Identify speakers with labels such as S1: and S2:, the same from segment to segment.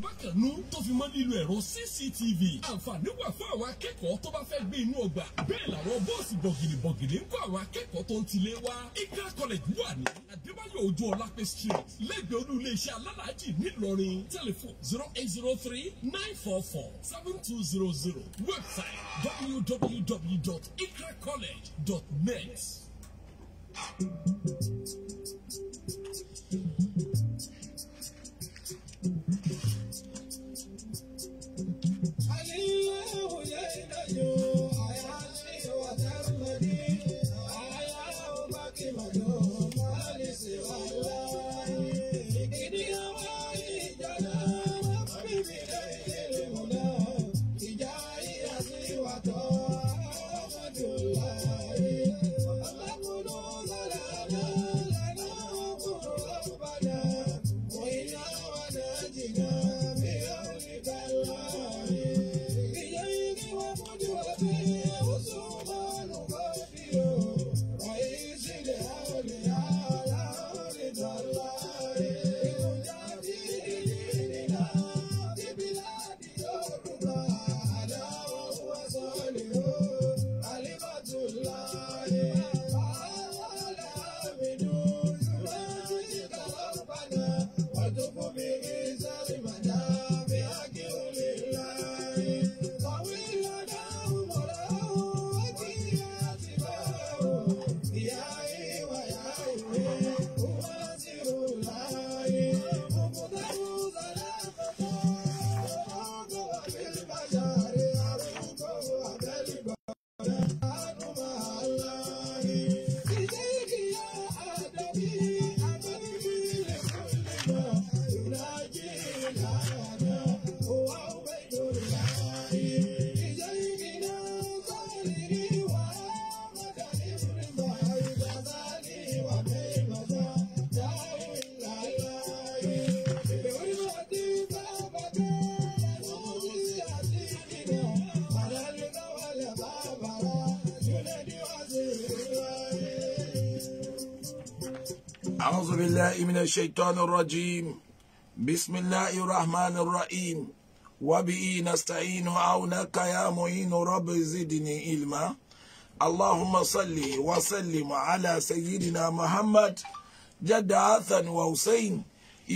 S1: bákanú tó fi mọ́ lílo ẹ̀rọ CCTV àǹfààní wà fún àwọn akẹ́kọ̀ọ́ tó bá fẹ́ gbé inú ọgbà bẹ́ẹ̀ làwọn bọ́ọ̀sì bọ̀gìnì bọ̀gìnì ń kó àwọn akẹ́kọ̀ọ́ tó ń tilé wá Ika College wà ní Adébáyọ̀ Ojú Ọlápẹ́ Street lẹ́gbẹ̀ẹ́ olú iléeṣẹ́ alálàájì nílọrin telephone zero eight zero three nine four four seven two zero zero website www.ikacollege.net. بالله من الشيطان الرجيم بسم الله الرحمن الرحيم وبه نستعين عونك يا معين رب زدني علما اللهم صل وسلم على سيدنا محمد جد عثا وحسين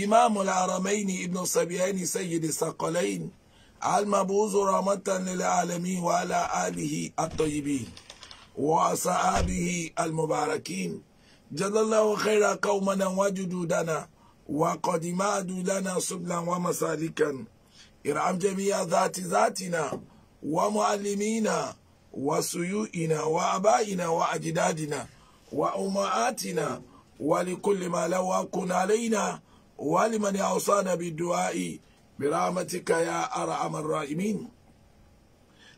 S1: إمام الحرمين ابن صبيان سيد الثقلين المبعوث رحمة للعالمين وعلى آله الطيبين وأصحابه المباركين jalallahu khaira qaumana wajudu dana wa qadimadu lana sublan wa masalikan irham jami'a dhati dhatina wa muallimina wa suyu'ina wa abaina wa ajdadina wa ummatina wa likulli ma lawakun alaina wa liman yawsana bidu'ai birahmatika ya arhamar rahimin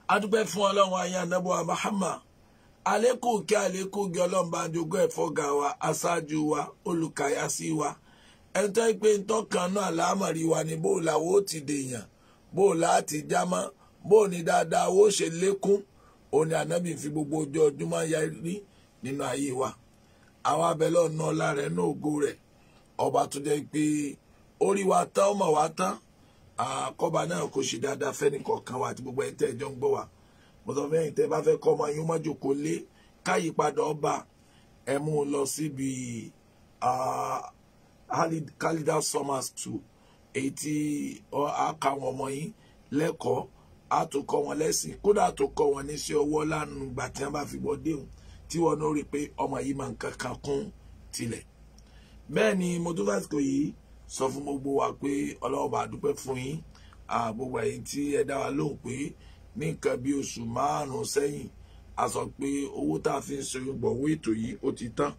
S1: adúpẹ́ fún Ọlọ́run aya nabu muhammad àlékún kí àlékún gé ọlọ́mọba àdógún ẹ̀fọ́gà wa aṣáájú wa olùkàyàsí wa ẹ̀ńtọ́ pé ntọ́kan náà láàmọ̀rí wa ni bó làwọn ó ti dèèyàn bó láti jámọ́ bó ní dáadáa ó ṣe lékún òní ànábì fi gbogbo ojú ọdúnmọ́ ya rí nínú ayé wa àwọn abẹ́lẹ́ ọ̀nà ọ̀la rẹ̀ ní ògo rẹ̀ ọba tó jẹ́ pé orí wa tán ọmọ wa tán àkọ́ba náà kò ṣe dáadáa fẹ́ni kọ̀ọ̀kan wa àti gbogbo ẹ̀ tẹ́ ẹjọ́ ń gbọ́ wa mo sọ fẹ́yìn tẹ́ bá fẹ́ kọ́ ọmọ yín ó má jòkó lé káyípadà ọba ẹ mú un lọ síbi kálídà summer school èyí tí a kà wọ́n ọmọ yín lẹ́kọ̀ọ́ a tó kọ́ wọn lẹ́sìn kódà tó kọ́ wọn níṣẹ́ ọwọ́ lánàá gbà tí wọ́n bá fi bọ́ déhùn tí wọ́n náà rí i pé ọmọ yìí máa ń kankan kún tilẹ̀ bẹ́ẹ̀ ni mo yìí sọ fún gbogbo wa pé ọlọ́wọ́ dúpẹ́ fún yín gbogbo ẹ̀yin tí ẹ dá wa lóhùn pé ní nǹkan bí oṣù márùn-ún sẹ́yìn a sọ pé owó tá a fi ń ṣe gbọ̀wó ètò yìí ó ti tán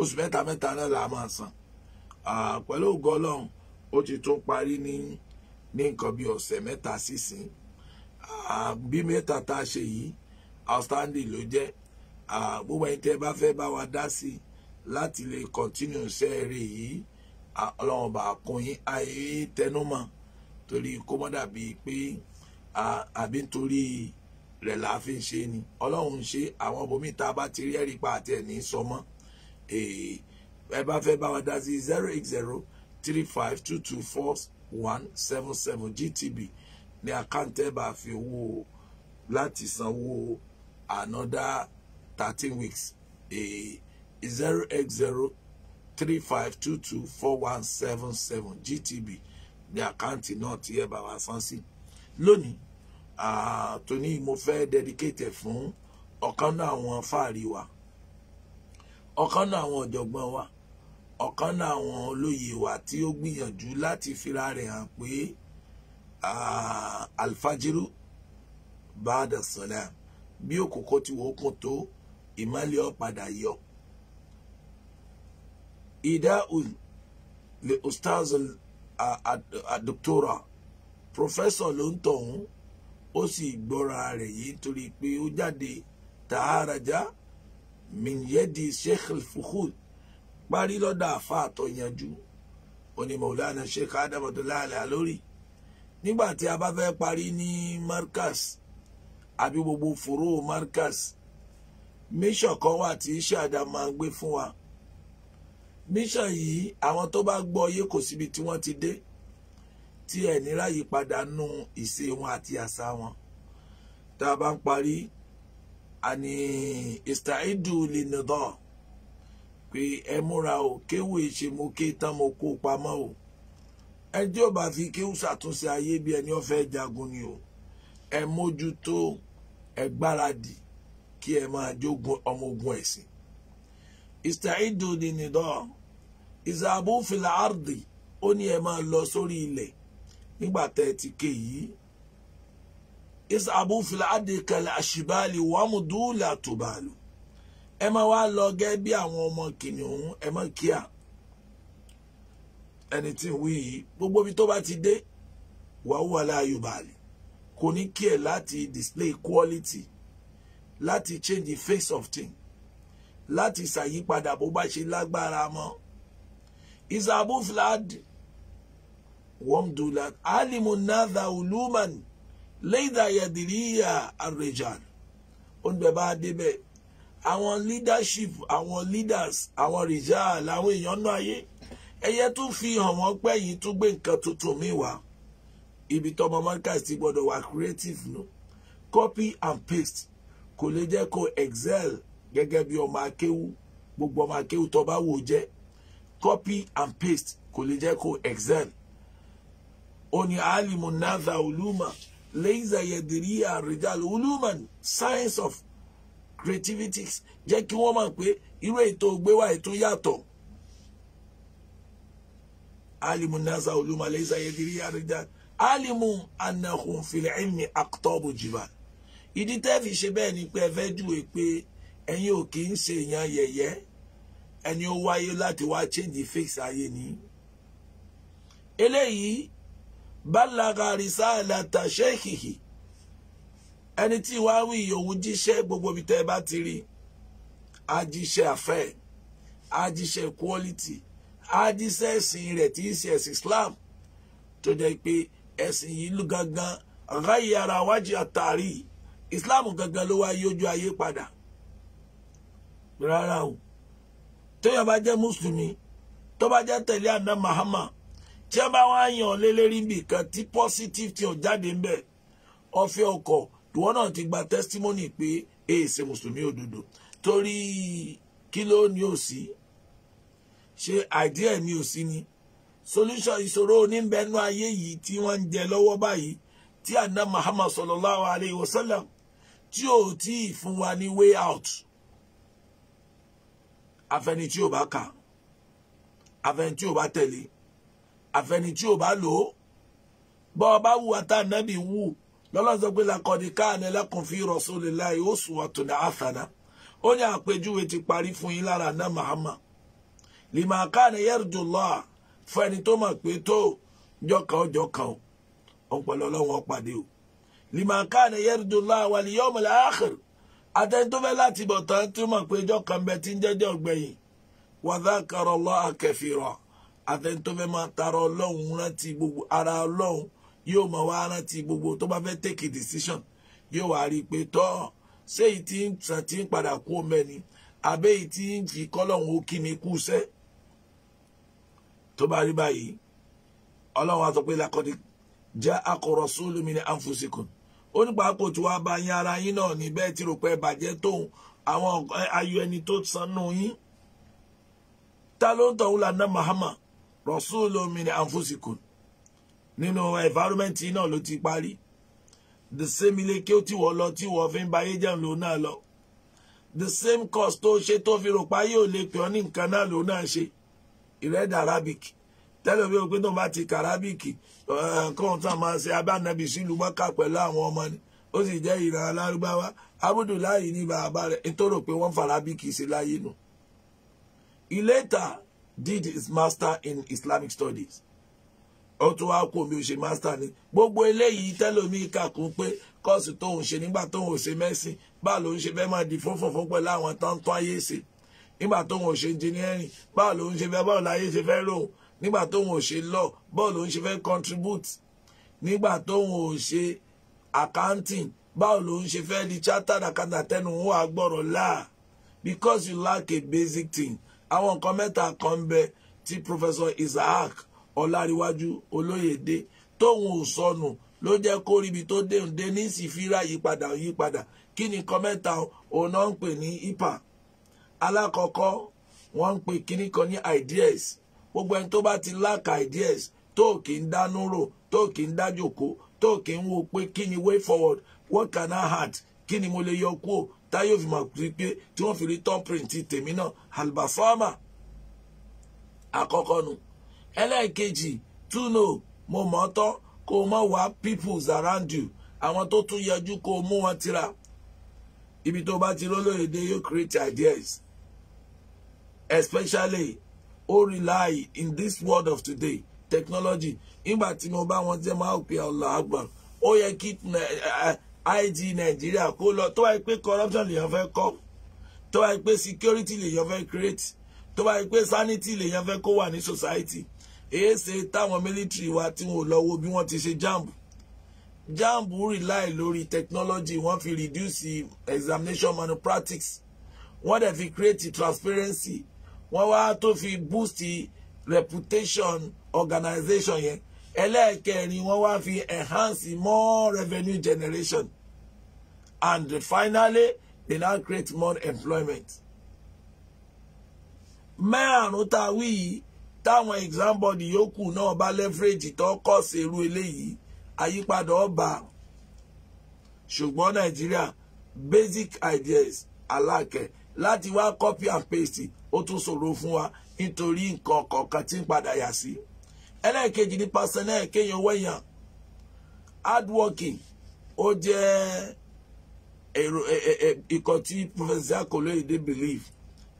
S1: oṣù mẹ́ta mẹ́ta náà là máa san pẹ̀lú ògo ọlọ́run ó ti tún parí ní nǹkan bí ọ̀sẹ̀ mẹ́ta sísìn bí mẹ́ta tá a ṣe yìí outstanding ló jẹ́ gbogbo ẹni tẹ́ bá fẹ́ bá wa dá sí i láti lè continue ṣe eré yìí ọlọ́run bá kún yín ayé tẹnumọ́ torí kó mọ́ dàbí pé àbí nítorí rẹ̀ là á fi ń ṣe ni ọlọ́run ń ṣe àwọn bòmí tá a bá ti rí ẹ̀rí pa àti ẹ̀ní sọmọ́ ẹ bá fẹ́ bá wa dá sí zero eight zero three five two two four one seven seven GTB ní àkáǹtì ẹ̀ bá fi owó láti sanwó another thirteen weeks zero eight zero three five two two four one seven seven GTB ní àkáǹtì náà tí ẹ bá wa san sí lónìí tóní mo fẹ́ dedicate fún ọ̀kan náà àwọn fáàrí wa ọ̀kan náà àwọn ọ̀jọ̀gbọ́n wa ọ̀kan náà àwọn olóyè wa tí ó gbìyànjú láti fira rẹ̀ hàn pé alfajiru bada salam bí òkòkò tí wọ́n kún tó ìmọ́lẹ̀ ọ̀padà yọ. idaul le ustaz adoktora professor ló ń tọ̀hún ó sì gbọ́ra rẹ̀ yìí nítorí pé ó jáde tààràjá minyedi sheikh al-fukhud parí lọ́dà àfa àtọ̀yanjú onímọ̀ọ́lánà sheikh adam adúláàlà lórí nígbà tí a bá fẹ́ parí ní markas àbí gbogbo fòró markas mission kan wà tí ṣàdá máa ń gbé fún wa mission yìí àwọn tó bá gbọ́ yé kò síbi tí wọ́n ti dé tí ẹ̀ nírà yí padà nú ìṣe wọn àti àṣà wọn tá a bá ń parí àní istaidu linidọ́ pé ẹ múra o kéwù ìṣe mo ké tán mo kó pamọ́ o ẹjẹ́ ò bá fi kéwù ṣàtúnṣe ayé bí ẹni ó jagun ni o ẹ mójútó ẹ gbáradì kí ẹ máa jogun ọmọ ogun ẹ̀sìn istaidu linidọ́ ìzàbùfìlà ardi ó ní ẹ máa lọ sórí ilẹ̀ nígbà tẹ́ ẹ ti ké yìí is abúfilà adékalẹ àṣìbálẹ wàmúdú làtòbálù ẹ máa wá lọ gẹ́ bí àwọn ọmọ kìnìún ẹ máa kíá ẹni tí ń wí yìí gbogbo ibi tó bá ti dé wàhùwà láàyò bàálì kò ní kí ẹ láti display quality láti change the face of thing láti ṣàyípadà bó bá ṣe lágbára mọ́ is abúfilà adékalẹ wamdulan alimu nadha uluman leida yadiriya arrejan oúnjẹ bá débẹ̀ àwọn leadership àwọn leaders àwọn rijal àwọn èèyàn náà ayé ẹyẹ tún fi hàn wọ́n pé yìí tún gbé nǹkan tuntun míì wá ibi tọmọ markaz ti gbọ́dọ̀ wà creative nù copy and paste kò lè jẹ́ kó excel gẹ́gẹ́ bí ọmọ akéwú gbogbo ọmọ akéwú tó bá wò jẹ́ copy and paste kò lè jẹ́ kó excel oni alimu nadha uluma leiza yediria rijal uluman science of creativities jẹ́ kí wọ́n mọ̀ pé irú ètò ògbéwà ètò yàtọ̀ alimu nadha uluma leiza yediria rijal alimu anahun fil ilmi aktobu jibal ìdí tẹ́ fi ṣe bẹ́ẹ̀ ni pé ẹ fẹ́ júwe pé ẹ̀yin ò kì í ṣe èèyàn yẹ̀yẹ́ ẹni ó wáyé láti wá change face ayé ni eléyìí balaga risalata sheikhihi ẹni tí wàá wí òun jíṣẹ́ gbogbo ibi tẹ́ bá ti rí ajíṣẹ́ àfẹ́ ajíṣẹ́ quality ajíṣẹ́ ẹ̀sìn rẹ̀ tí í ṣe ẹ̀sìn Islam tó jẹ́ pé ẹ̀sìn yìí ló gangan ráyè ara wájú àtàrí Islam gangan ló wá yójú ayé padà rárá o tó yàn bá jẹ́ mùsùlùmí tó bá jẹ́ tẹ̀lé àná Muhammad tí wọ́n bá wá yàn lé lérí ibì kan tí positive ti ọ̀ jáde ń bẹ̀ ọ̀fẹ́ ọkọ̀ tòun náà ti gba testimony pé èyí ṣe mùsùlùmí òdodo torí kí ló ní òsì ṣe idea ní òsì ni solution ìṣòro oníbẹ̀ẹ́nú ayé yìí tí wọ́n ń jẹ lọ́wọ́ báyìí tí àná Muhammad sallallahu alayhi wa sallam tí ò tí ì fún wa ní way out afẹni tí ò bá kà afẹni tí ò bá tẹ̀lé àfẹni tí ò bá lò ó bọ́ ọ bá wùwà tá ànábì wù lọ́lọ́run sọ pé lakọ́ni káàní lakum fi rasulillahi uswatun hasana ó ní àpèjúwe ti parí fún yín lára náà màámà lima káàní yarjullaha fún ẹni tó mọ̀ pé tó jọkàn ó jọkàn ó ọpọlọ ọlọ́run ọpàdé o lima káàní yarjullaha wal yawmal akhir àtẹni tó fẹ́ láti bọ̀ tán tó mọ̀ pé jọkàn bẹ ti ń jẹ́jọ́ gbẹ̀yìn wa dhakarallaha kathira àtẹni tó fẹ́ máa tara ọlọ́run rántí gbogbo ara ọlọ́run yóò máa wá rántí gbogbo tó bá fẹ́ take a decision yóò wá rí i pé tọ́ ṣé èyí tí ń sàn tí ń padà kú ọmọ ẹni àbẹ́ èyí tí ń fi kọ́lọ́run ó kí ni kú sẹ́ tó bá rí báyìí ọlọ́run á lakọ́dí jẹ́ akọ̀rọ̀ sólù ní anfusikun ó nípa kò tí wàá bá yín ara yín náà ní bẹ́ẹ̀ tí rò pé bàjẹ́ tóun àwọn ayọ̀ ẹni tó sanú yín ta ló ń tọ̀hún lànà mahama rọ̀súlù min anfusikum nínú environment náà ló ti parí the same ilé kí ó ti wọ́ lọ tí wọ́n fi ń ba ayé jẹun lòun náà lọ the same course tó ṣe tó fi rò pa yóò lè pè ọ́ ní nǹkan náà lòun náà ṣe ìrẹ́dà arabic tẹ́lẹ̀ bí o pé tó bá ti ka arabic eh, kóhun tán máa ṣe abánabi sílùú mọ́ká pẹ̀lú àwọn ọmọ ni ó sì jẹ́ ìran alárúbáwá abudulayi ní bàbá rẹ̀ nítorí pé wọ́n fa arabic sí láyé nu. he later did his master in Islamic studies ó tún wá kó omi òṣè master ni gbogbo eléyìí tẹ́lómi kàkún pé kọ́ọ̀sì tóun ṣe nígbà tóun ò ṣe mẹ́sìn báà ló ń ṣe fẹ́ máa di fúnfúnfún pẹ̀lú àwọn tó ń tán ayé ṣe nígbà tóun ò ṣe engineering báà ló ń ṣe fẹ́ báà láyé ṣe fẹ́ rò nígbà tóun ò ṣe law báà ló ń ṣe fẹ́ contribute nígbà tóun ò ṣe accounting báà ló ń ṣe fẹ́ di chartered accountant tẹnu wọn àgbọ̀rọ̀ láà because you lack a basic thing àwọn nǹkan mẹ́ta kan bẹ tí Professor Isaac Ọláríwájú Olóyèdé tóun ò sọnù ló jẹ́ kó ríbi tó déhùn dé ní sífíra yípadà yípadà kí ni nǹkan mẹ́ta òun náà ń pè ní ipa alákọ̀ọ́kọ́ wọ́n ń pè kíní kan ní ideas gbogbo ẹni tó bá ti lack ideas tó kì í dánú rò tó kì í dájòkó tó way forward what can I add kí ni mo táyé òfin mọ̀ pé tí wọ́n fi rí thumbprint tèmi náà albafama àkọ́kọ́ nu ẹlẹ́ẹ̀kejì túnú mo mọ̀ tán kó o mọ̀ wá peoples around you àwọn tó tún yẹjú kó o mú wọn tira ibi tó bá ti rólóye dé you create ideas especially o rely in this world of today technology nígbà tí mo bá wọn jẹ́ máa pè Allah akbar ó yẹ kí IG Nigeria, kó lọ tó wáyé pé corruption lèèyàn fẹ́ kọ́ tó wáyé pé security lèèyàn fẹ́ create tó wáyé pé sanity lèèyàn fẹ́ kó wà ní society èyí ṣe táwọn military wa tí wọn ò lọ bí wọ́n ti ṣe jamb jamb rely lórí technology wọ́n fi reduce examination malpractice wọ́n dẹ̀ fi create transparency wọ́n wá tó fi boost reputation organization yẹn. Yeah ẹlẹ́ẹ̀kẹrin wọ́n wá fi enhance more revenue generation and finally they now create more employment. mẹ́àrún tá a wí yìí táwọn exam board yòókù náà bá leverage tó kọ́ sí irú eléyìí àyípadà ọba ṣùgbọ́n nàìjíríà basic ideas alákẹ́ láti wá copy and paste ó tún ṣòro fún wa nítorí nǹkan kọ̀ọ̀kan tí ń padà yà sí. Si ẹlẹ́ẹ̀kejì nípasẹ̀ náà kéèyàn wẹ̀yàn hardworking ó jẹ́ ikọ̀ tí professor akọ̀lóyèdè believe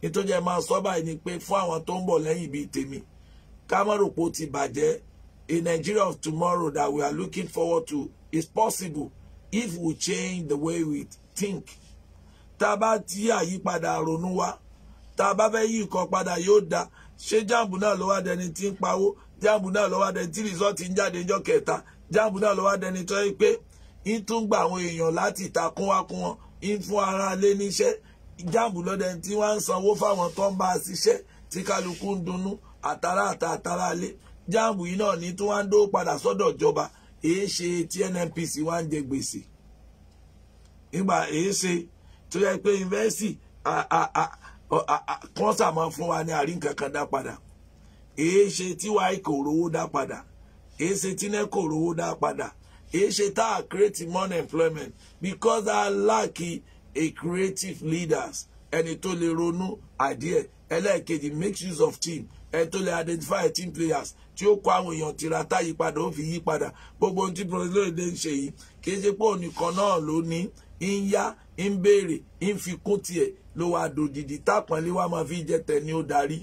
S1: nítorí ẹ máa sọ báyìí ni pé fún àwọn tó ń bọ̀ lẹ́yìn bíi tèmi kámọ́ròpó ti bàjẹ́ a Nigeria of tomorrow that we are looking forward to is possible if we change the way we think tá a bá ti àyípadà ronú wa tá a bá fẹ́ yí nǹkan padà yóò da ṣé jàǹbù náà ló wá dẹni tí ń pawó jáàmù náà lọ́wọ́ adẹni tí rìsọ́ọ̀tì ń jáde níjọ́ kẹta jáàmù náà lọ́wọ́ adẹni tó yẹ pé ń tún gba àwọn èèyàn láti ìtakùn wá kún wọn ń fún ara lé níṣẹ́ jáàmù lọ́dẹni tí wọ́n ń sanwó fáwọn tó ń bá a ṣiṣẹ́ tí kálukú ń dunnú àtàrà àtà àtàrà lé jáàmù yìí náà ní tí wọ́n ń dó padà sọ́dọ̀ ìjọba èé ṣe tí NNPC wá ń jẹ gbèsè nígbà èé ṣe tó yẹ pé yunifásitì kọ́ńsà máa fún wa ní àrí nǹkan kan dá padà èé ṣe tí wáì kò rówó dá padà èé ṣe tí nẹ́kò rówó dá padà èé ṣe tá a create more employment because a lack a creative leaders ẹni tó lè ronú àdíẹ̀ ẹlẹ́ẹ̀kejì make use of team ẹni tó lè identify team players tí ó kọ àwọn èèyàn tirata yípadà ó fi yípadà gbogbo ohun tí president lóde ń ṣe yìí kì í ṣe pé ònìkan náà ló ní ń yá ń béèrè ń fi kún tiẹ̀ ló wàá dòdìdì tápọ̀nlé wa máa fi jẹ́ tẹ̀ ni ó darí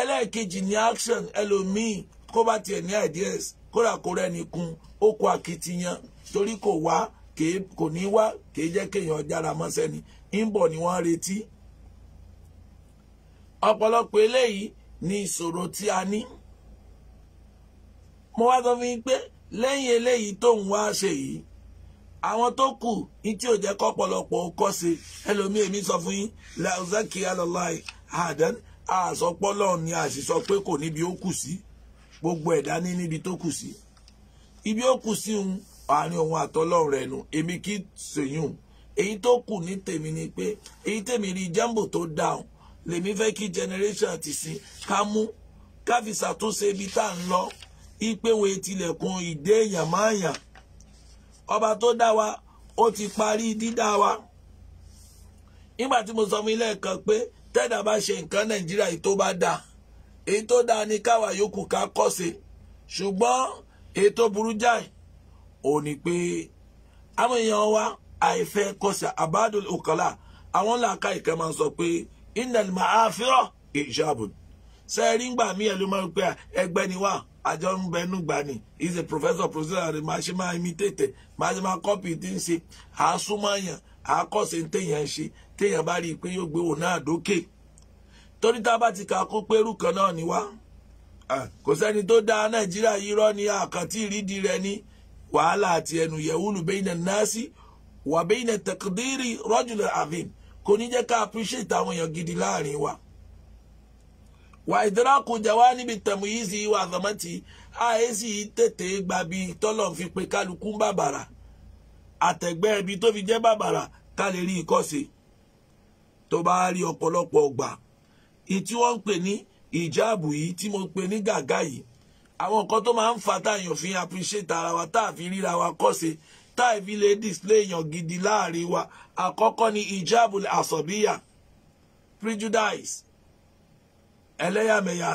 S1: ẹlẹ́ẹ̀kejì ní action ẹlòmíì kó bá tiẹ̀ ní ideas kódà kó rẹ́ni kun ó kó akitiyan torí kò wá kò ní wá kìí jẹ́ kéèyàn jára mọ́sẹ́ ni ń bọ̀ ni wọ́n retí ọ̀pọ̀lọpọ̀ eléyìí ni ìṣòro tí a ní mo wá sọ fún yín pé lẹ́yìn eléyìí tóun wá ṣe yìí àwọn tó kù ní ò jẹ́ kọ́pọ̀lọpọ̀ kọ́ ṣe ẹlòmíì èmi sọ fún yín làwùzá alọ́láì àdán àsọpọ́lọ́ ni a sì sọ pé kò níbi ó kù sí gbogbo ẹ̀dá ní níbi tó kù sí ibi ó kù sí òun àárín òun àtọ́lọ́run rẹ̀ nu èmi kì í sèyún èyí tó kù ní tèmi ni pé èyí tèmi rí jambo tó dáhùn lèmi fẹ́ kí generation ti sin ká mú ká fi ṣàtúnṣe ibi tá à ń lọ ipe wo etilẹ̀kùn ìdé èèyàn máa yàn ọba tó dá wa ó ti parí dídá wa nígbà tí mo sọ fún ilé ẹ̀kan pé tẹ́dà bá ṣe nǹkan nàìjíríà èyí tó bá dáa èyí tó dáa ni káwa yòókù ká kọ́ sí ṣùgbọ́n èyí tó burú jáì ò ní pé àwọn èèyàn wa àìfẹ́ kọsẹ̀ abadul okala àwọn làákà ìkẹ́ máa ń sọ pé inal maafiro ìṣàbùn sẹ́ẹ̀rí ńgbà mí ẹ̀ ló máa ń pẹ́ ẹgbẹ́ ni wà àjọ ń bẹnu gbà ní is a professor professor rẹ̀ máa ṣe máa imitate máa ṣe máa copy tí ń ṣe àásùmọ̀ yàn àákọ́sẹ̀ ń téèyàn ń ṣe téèyàn bá rí i pé yóò gbé òun náà dókè torí tá a bá ti kà kó pérú kan náà ni wá kò sẹ́ni tó dá nàìjíríà yìí rọ́ ní àkàntì ìrídìí rẹ ní wàhálà àti ẹnu yẹ̀wùlù bẹ́yìn nàásì wà bẹ́yìn tẹ̀kídìrì rọ́jùlẹ̀ àfin kò ní jẹ́ ká appreciate àwọn èèyàn gidi láàrin wa wà ìdírákù jẹ̀wá níbi tẹ̀mú yìí sí wà àtọ̀mọ́tì àìsí tètè gbàbí tọ́lọ̀ fi pe kálukú bàbàrà àtẹ̀gbẹ́ ibi tó fi jẹ́ bàbàrà ká lè rí ikọ́ sí tó bá rí ọ̀pọ̀lọpọ̀ ọgbà èyí tí wọ́n ń pè ní ìjáàbù yìí tí mo pè ní gàgá yìí àwọn nǹkan tó máa ń fa táyàn fi appreciate ara wa tá a fi ríra wa kọ́ sí tá a fi lè display èèyàn gidi láàrin wa àkọ́kọ́ ni ìjáàbù àsọ̀bíyà prejudice ẹlẹ́yàmẹ̀yà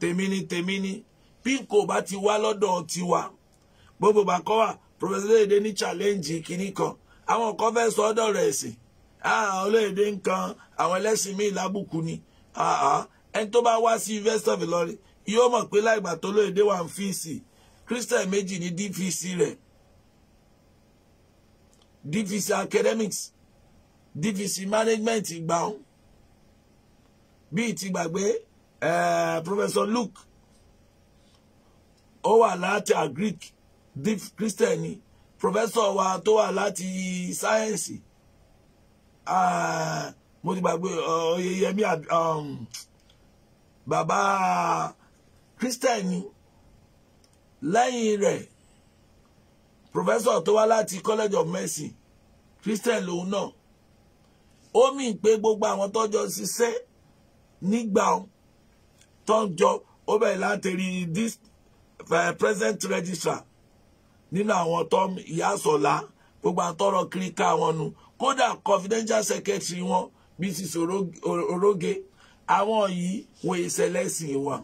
S1: tèmi ni tèmi ni bí kò bá ti wá lọ́dọ̀ tiwa gbogbo bá kọ́ wà professor léde ní challenge kìíní kan àwọn kan fẹ́ sọ ọ́dọ̀ rẹ̀ ẹ̀sìn àwọn olóyèdè ń kan àwọn ẹlẹ́sìn míì lábùkù ni ẹni tó bá wá sí university of Ìlọrin yóò mọ̀ pé láìgbà tó lóyèdè wà ń fíìsì christian méjì ní dfc rẹ̀ dfc academics dfc management gbàùn bíi ti gbàgbé eh, professor Luke ó wà láti agric deep christian ni professor wa tó wà láti sáyẹ̀nsì ah, mo ti gbàgbé uh, oyeyemi um, bàbá christian ni lẹ́yìn rẹ̀ professor tó wá láti college of Mercy, christian lòun náà ó mì pé gbogbo àwọn tọ́jọ́ ṣiṣẹ́ nígbà tọ́jọ́ ó bẹ̀rẹ̀ láti rí this eh, present registrar nínú àwọn tó ìyá sọlá gbogbo àtọrọ kiri ká wọn nu kódà confidential secretary wọn mrs oroge àwọn yìí wọ ìṣẹ̀lẹ̀ sìn wọn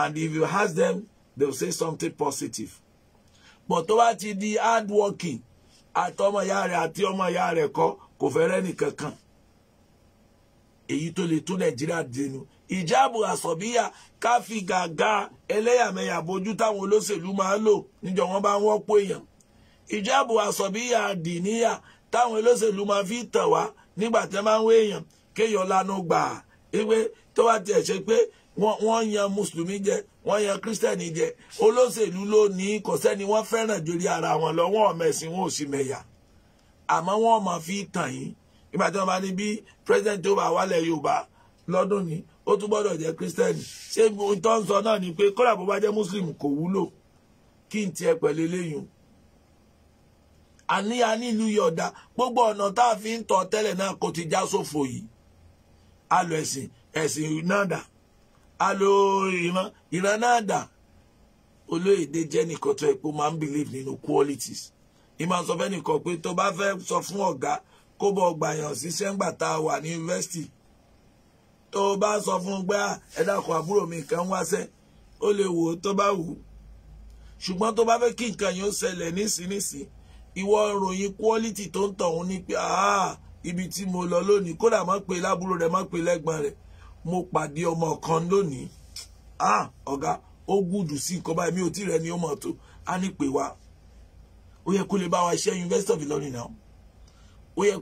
S1: and if you ask them they will say something positive but tó bá ti di hard working àtọmọ ìyá rẹ̀ àti ọmọ ìyá rẹ̀ kọ́ kò fẹ́ rẹ́nì kankan èyí tó lè tún nàìjíríà dénú ìjáàbù àsọ̀bíyà ká fi gàgà ẹlẹ́yàmẹ̀yà bójú táwọn olóṣèlú máa ń lò níjọ wọn bá wọ́n pò èèyàn ìjáàbù àsọ̀bíyà dìníyà táwọn olóṣèlú máa fi tàn wá nígbà tẹ́ máa ń wé èèyàn kéèyàn lanu gbà á wípé tó bá tiẹ̀ ṣe pé wọ́n yan mùsùlùmí jẹ wọ́n yan kírísítẹ́nì jẹ olóṣèlú ló ní kò sẹ́ni wọ́n fẹ́ràn jórí ara wọn lọ wọ́n ọmọ ẹ̀sìn wọn ò sì mẹ̀yà àmọ́ wọ́n máa fi tàn yín nígbà tí wọ́n bá ní bí pírẹ́sidẹ́ntì tó bá wálẹ̀ Yorùbá lọ́dún ni ó tún gbọ́dọ̀ jẹ́ kírísítẹ́nì ṣé tó ń sọ náà ni pé bó bá jẹ́ mùsùlùmí kò wúlò kí n tiẹ̀ pẹ̀lú eléyìí àní a ní gbogbo ọ̀nà tá a fi ń tọ̀ tẹ́lẹ̀ náà kò ti já sófo yìí a lo ẹ̀sìn ẹ̀sìn náà dà a ìran ìran náà dà olóyèdè jẹ́ nìkan máa ń believe nínú qualities ìmọ̀ sọ fẹ́ nìkan pé tó bá fẹ́ sọ fún ọ̀gá tó o bá sọ fún un pé ah, ẹ dákun àbúrò mi kan wáṣẹ́ ó lè wò ó tó bá wù ú ṣùgbọ́n tó bá fẹ́ kí nǹkan yẹn ó ṣẹlẹ̀ nísìnyìí ìwọ ròyìn quality tó ń tọ̀hún ní pé ah, ibi tí mo lọ lónìí kódà má pe lábúrò rẹ má pe lẹ́gbọ̀n rẹ mo pàdé ọmọ kan lónìí ah, ọ̀gá ó gùdù sí nǹkan báyìí mi ò tí rẹ ni ó mọ̀ tó á ní pè wá ó yẹ kó lè bá wa ṣe University of Ilorin náà ó yẹ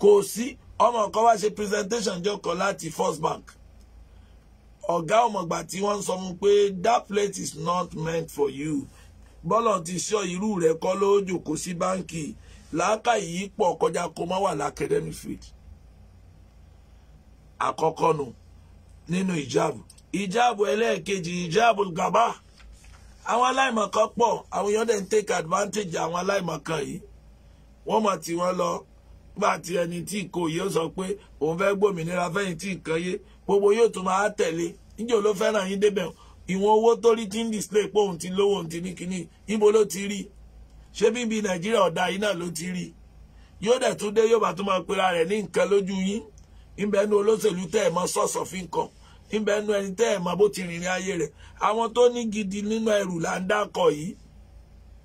S1: kó sí ọmọ kan wá ṣe presentation jọkọ láti first bank ọ̀gá ọmọgbà tí wọ́n sọ fún pé that plate is not meant for you bọ́lọ̀ ti ṣọ́ irú rẹ̀ kọ́ lójú kò sí báǹkì làákà yìí pọ̀ kọjá kó má wà l'academic field àkọ́kọ́ nu nínú ìjáàbù ìjáàbù ẹlẹ́ẹ̀kejì ìjáàbù gàbá àwọn aláìmọ̀kan pọ̀ àwọn èèyàn dẹ̀ ń take advantage àwọn aláìmọ̀kan yìí wọ́n mọ̀ tí wọ́n lọ nígbà tí ẹni tí kò yé ó sọ pé òun fẹ́ gbòmìnira fẹ́yìn tí nǹkan yé gbogbo yóò tún máa tẹ̀lé níjẹ́ ló fẹ́ràn yín débẹ̀ ìwọ̀n owó tó rí tí ń display pé òun ti lówó òun ti ní kíní níbo ló ti rí ṣé bíbi nàìjíríà ọ̀dà yìí náà ló ti rí yóò dẹ̀ tún dé yóò bá tún máa pera rẹ̀ ní nǹkan lójú yín ìbẹ́nu olóṣèlú tẹ́ ẹ̀ mọ́ sọ̀sọ̀ fi ń kàn ìbẹ́nu ẹni tẹ́ ẹ̀ mọ́ bó ti rìnrìn ayé rẹ̀ àwọn tó ní gidi nínú ẹrù là ń dákọ̀ yìí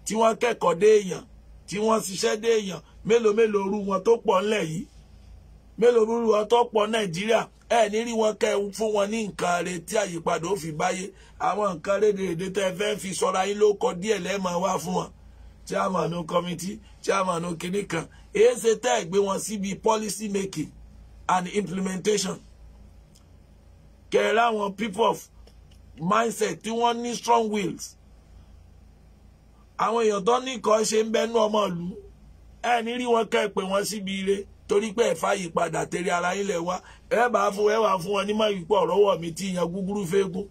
S1: tí wọ́n kẹ́kọ̀ọ́ dé èèyàn tí wọ́n ṣiṣẹ́ dé èèyàn mélòó mélòó rú wọn tó pọ̀ ńlẹ̀ yìí mélòó rú wọn tó pọ̀ nàìjíríà ẹ ní rí wọn kẹ fún wọn ní nǹkan rẹ tí àyípadà ó fi báyé àwọn nǹkan rédèrèdè tẹ fẹ́ fi sọra yín ló kọ díẹ̀ lẹ́ẹ̀mọ wá fún wọn chairman kọmitì chairman kìnnì kan èyí ṣe tẹ́ ẹ̀ gbé wọn síbi policy making and implementation kẹrẹ àwọn people of mindset tí wọ́n ní strong wills àwọn èèyàn tó ní nǹkan ṣe ń bẹnu ọmọ ìlú ẹ ní rí wọn kẹ́ pé wọ́n síbi ire torí pé ẹ̀fà yìí padà tẹ̀lé ara yín lẹ̀ wá ẹ bá fún ẹ wà fún wọn ní má pọ̀ rọ́wọ́ mi ti ìyẹn gúgúrú fẹ́gùn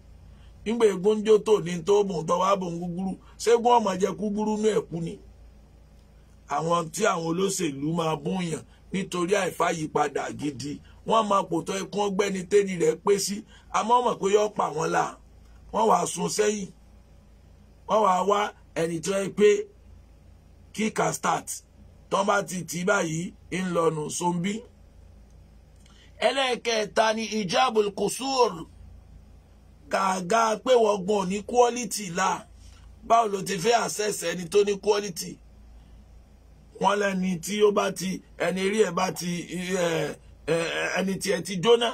S1: nígbà ègún ń jó tò ní tó wá gúgúrú ọmọ jẹ ẹ̀kú ni àwọn tí àwọn olóṣèlú máa nítorí gidi máa ikú pé sí àmọ́ ẹni tó yẹ pé kíkà start tán bá ti tì báyìí ń sombi ẹlẹ́ẹ̀kẹta ni ijabul kusur gàgà pé wọ́n gbọ́n ní quality la báwo ló ti fẹ́ access ẹni tó ní quality wọ́n lẹ́ni tí ó bá ti ẹni rí ẹ̀ bá ti ẹni tí ẹ ti jóná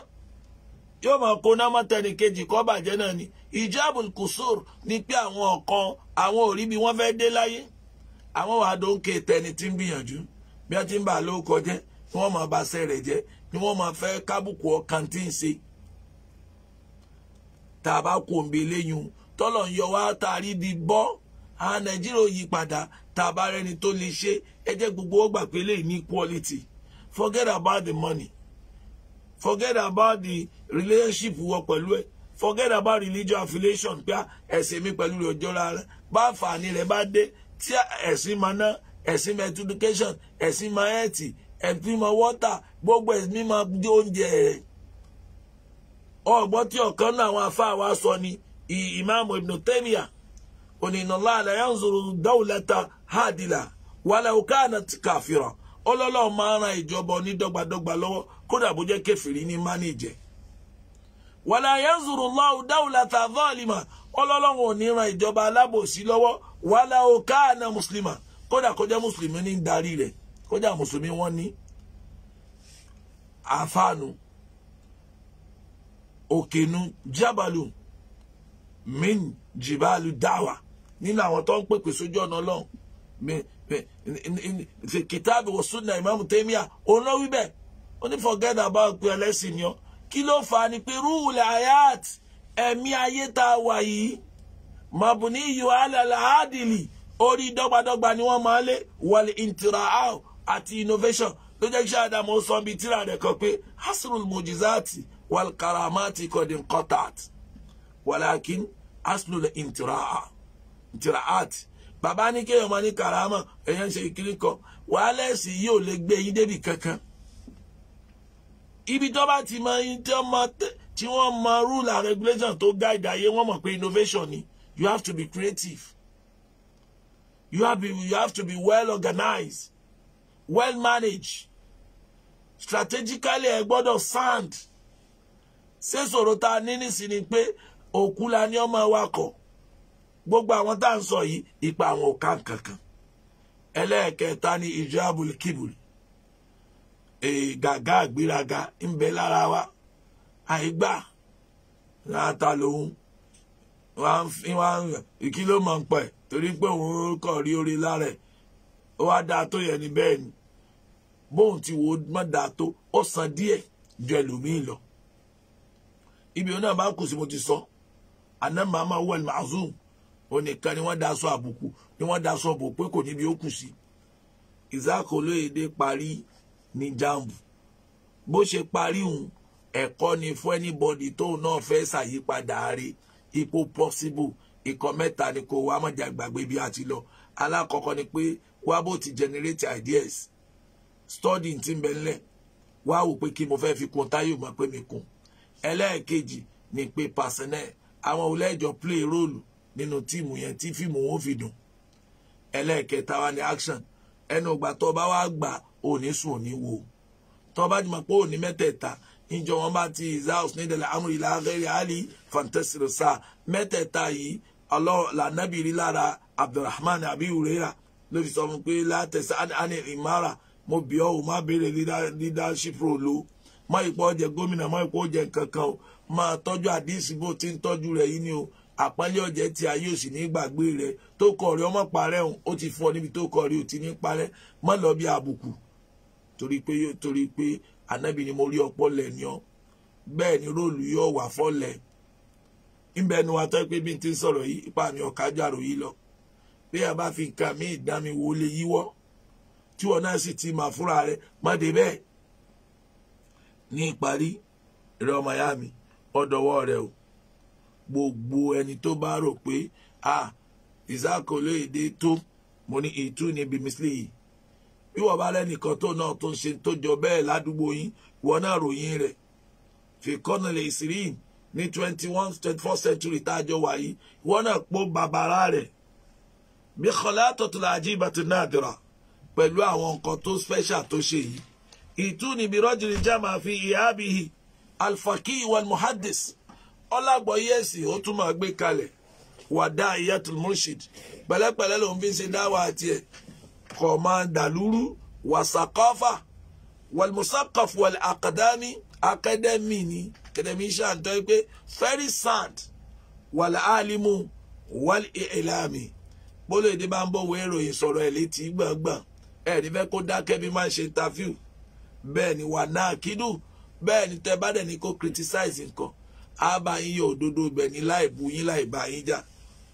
S1: yóò máa kó námọ́tẹ́ni kejì kọ́ bàjẹ́ náà ni ìjábùl kùsùr ni pé àwọn ọ̀kan àwọn òrí bí wọ́n fẹ́ dé láyé àwọn wàá dó ń ké tẹni tí ń gbìyànjú bí wọ́n ti ń bà ló kọjẹ́ ni wọ́n máa ba ṣẹ́ rẹ̀ jẹ́ ni wọ́n máa fẹ́ kábùkù ọkàn tí ń ṣe tá a ń bẹ léyìn tọ́lọ̀ ń yọ wá tá di bọ́ àwọn nàìjíríà yí padà tá rẹni tó lè ṣe ẹ jẹ́ gbogbo ó pé lè ní quality forget about the money forget about the relationship wọ pẹ̀lú ẹ̀ forget about religion affiliation pé ẹ̀sìn mi pẹ̀lú rẹ̀ ọjọ́ ba bá àǹfààní rẹ̀ bá dé tí ẹ̀sìn máa ná ẹ̀sìn máa education ẹ̀sìn máa health ẹ̀sìn máa water gbogbo ẹ̀sìn máa dé oúnjẹ rẹ̀ ọgbọ́n tí ọ̀kan náà àwọn sọ ni ìmáàmù Ibn Taymiyyah onínàlá hadila ti máa ń ìjọba onídọ́gbadọ́gba lọ́wọ́ kódà bó wàlá yanzuru Allahu dawlata zalima ọlọ́lọ́run ò ní ran ìjọba alábòsí lọ́wọ́ wàlá o káàna mùsùlùmá kódà kọjá mùsùlùmí ní darí rẹ̀ kọjá mùsùlùmí wọ́n ní àfáànù òkènú jábàlù min jìbàlù dáwà nínú àwọn tó ń pèpè sójú ọ̀nà ọlọ́run kìtàbí wò súnà ìmáàmù tẹ́míà òun ló wí bẹ́ẹ̀ ó ní forget about pé ẹlẹ́sìn ni ọ́ kí ló fà á ni pé rúùlù ayat ẹ̀mí ayé tá a wà yìí mabuni yu alala adìlì orí dọ́gbadọ́gba ni wọ́n máa lé wal intiraaw àti innovation ló jẹ́ iṣẹ́ àdàmú sọ́nbi tíra rẹ̀ kan pé hasrul mujizati wal karamati kọ́dín kọ́tàt walakin hasrul intiraaw intiraat bàbá ní kéèyàn máa ní karama èèyàn ń ṣe ìkíní kan wàhálà ẹ̀sìn yìí lè gbé yín débì kankan ibi tó bá ti mọ tí wọ́n mọ rule and regulation tó guide ayé wọ́n mọ̀ pé innovation ni you have to be creative you have, be, you have to be well organized well managed strategically ẹ gbọ́dọ̀ sound ṣé sọ̀rọ̀ tá a ní nísìn ni pé òkú la ní ọmọ wakọ̀ gbogbo àwọn tá à ń sọ yìí ipa àwọn ò ká nǹkan kan ẹlẹ́ẹ̀kẹta ni ìjọ abúlé kíbùlì gàgá àgbéraga ń bẹ lára wa àìgbà láta lòun kí ló mọ̀ ń pẹ̀ torí pé òun kọ̀ rí orí lára ẹ̀ ó wá dáa tó yẹ ni bẹ́ẹ̀ ni bóun ti wo dáa tó ó san díẹ̀ ju ẹlòmíì lọ ibi òun náà bá kù sí mo ti sọ àná màmá onìkan ni wọ́n sọ àbùkù ni wọ́n bò pé kò níbi ó kù sí parí ní jambu bó ṣe parí òun ẹ̀kọ́ ni fún anybody tóun náà fẹ́ ṣàyípadà rẹ̀ ipò possible ikọ̀ mẹ́ta ni kò wá mọ̀jà gbàgbé bí a ti lọ alákọ̀ọ́kọ́ ni pé wá bó ti generate ideas study ti ń bẹ ńlẹ̀ wá wò pé kí mo fẹ́ fi kún táyò mọ̀ pé mi kún ẹlẹ́ẹ̀kejì ni pé personnel àwọn olẹ́jọ play role nínú tíìmù yẹn tí fíìmù wọn fi dùn ẹlẹ́ẹ̀kẹta wa ni action ẹnu ìgbà tó bá wá gbà òní sùn òní wo tọ́ bá jùmọ̀ pé òní mẹ́tẹ̀ẹ̀ta níjọ wọn bá ti zaus ní ìdẹ̀lẹ̀ amú ìlà rẹ̀rẹ̀ àlì fantasirisa mẹ́tẹ̀ẹ̀ta yìí lànàbì rí lára abdulrahman abi urera ló fi sọ fún pé látẹ̀sí ani imara mo bí ọ́ ò má béèrè leadership role o mọ ipò ọjẹ gómìnà mọ ipò ọjẹ kankan o máa tọ́jú àdísì bó ti ń tọ́jú rẹ̀ yìí ni o àpọ́nlé ọ̀jẹ̀ tí ayé òsì ní gbàgbé rẹ̀ tó kọ̀ rí ọmọ parẹ́ òun ti fún ọ níbi tó kọ̀ rí òtí ní parẹ́ mọ́ lọ bí àbùkù torí pé yóò torí pé anábì ni mo rí ọpọlẹ ni ọ bẹ́ẹ̀ ni róòlù yóò wà fọlẹ níbẹ̀ ni wàá tọ́ pé bí n ti sọ̀rọ̀ yìí ipa mi ọ̀ka jàrò yìí lọ bí a bá fi nǹkan mí ìdámi wo lè yíwọ́ tí wọn náà sì ti mà fúnra rẹ má dé bẹ́ẹ̀ ní ìparí ìrẹ́ ọmọ ìyá mi ọ̀dọ̀wọ́ rẹ o gbogbo ẹni tó bá rò pé a ìsákòlè èdè tó mo ní ìtú níbi mísílẹ̀ yìí bí wọ́n bá lẹ́nìkan tó náà tó ń ṣe tó jọ bẹ́ẹ̀ ládùúgbò yín wọ́n náà ròyìn rẹ̀ fi kọ́nà lè ní twenty one twenty four century tá a jọ wà yìí wọ́n náà pọ́ bàbàrà rẹ̀ bí kọ́lá tọ̀tún àjí ìbàtún náà dìrà pẹ̀lú àwọn nǹkan tó special tó ṣe yìí ìtúni bí rọ́jìlì jáma fi ìhábìhì alfaki wal muhaddis ọlágbọ̀yẹ̀sì ó tún máa gbé kalẹ̀ wàdá iyatul murshid pẹ̀lẹ́pẹ̀lẹ́ lòun fi ń ṣe dáwà tiẹ̀ kọ̀ọ̀mọ́ dàlúrú wàsàkọ́fà wàlmùsàkọ́f wàlẹ̀ àkàdámì akadẹ́mì ni kẹdẹ́míṣàn tó pé very sound wàlẹ̀ àlìmù wàlẹ̀ ìlàmì bólú èdè máa ń bọ̀ wọ ìròyìn sọ̀rọ̀ ẹ̀ létí gbọ̀ngbọ̀n ẹ̀rí fẹ́ kó dákẹ́ bí máa ń ṣe interview bẹ́ẹ̀ ni wà náà kídù bẹ́ẹ̀ ni tẹ́ bá dẹ̀ ní kó criticize nǹkan á yín yọ òdodo bẹ̀ ní láì bu yín láì bá yín jà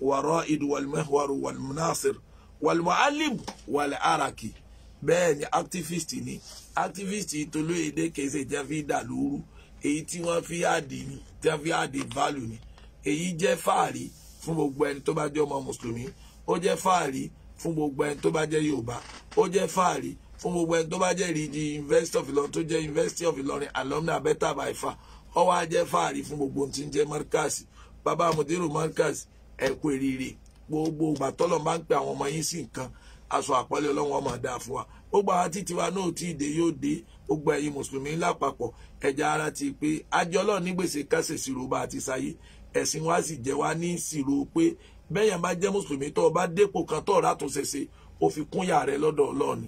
S1: wàrọ̀ ìdùwàlùmẹ́wàrù wàlùmùnásìrì wàlúwàálìm wàlẹ̀ àràkì bẹ́ẹ̀ ni activist ni activist tolú èdè kẹsẹ̀ tí a fi dà lóru èyí tí wọ́n fi àdì ni tí a fi àdì value ni èyí jẹ́ fàárí fún gbogbo ẹni tó bá jẹ́ ọmọ mùsùlùmí ó jẹ́ fàárí fún gbogbo ẹni tó bá jẹ́ yorùbá ó jẹ́ fàárí fún gbogbo ẹni tó bá jẹ́ ìrìndì university of Ilorin tó jẹ́ university of Ilorin alumna abẹ́tà by far ó wá jẹ́ fàárí fún gbogbo ohun tí ń jẹ́ markaz bàbá mudiru markaz ẹ kú gbogbo ìgbà tọ́lọ̀ máa ń pe àwọn ọmọ yín sí nǹkan aṣọ àpọ́nlé ọlọ́run ọmọ dáa fún wa gbogbo àwọn títí wa náà tí ìdè yóò dé gbogbo ẹ̀yin mùsùlùmí lápapọ̀ ẹ̀já ara ti pé ajọ́lọ́ ní gbèsè kásẹ̀ sírò bá a ti sáyé ẹ̀sìn wa sì jẹ́ wa ní sírò pé bẹ́yàn bá jẹ́ mùsùlùmí tó o bá dépò kan tó o rà tó ṣẹṣe o fi kún yà rẹ lọ́dọ̀ ọlọ́ọ̀ni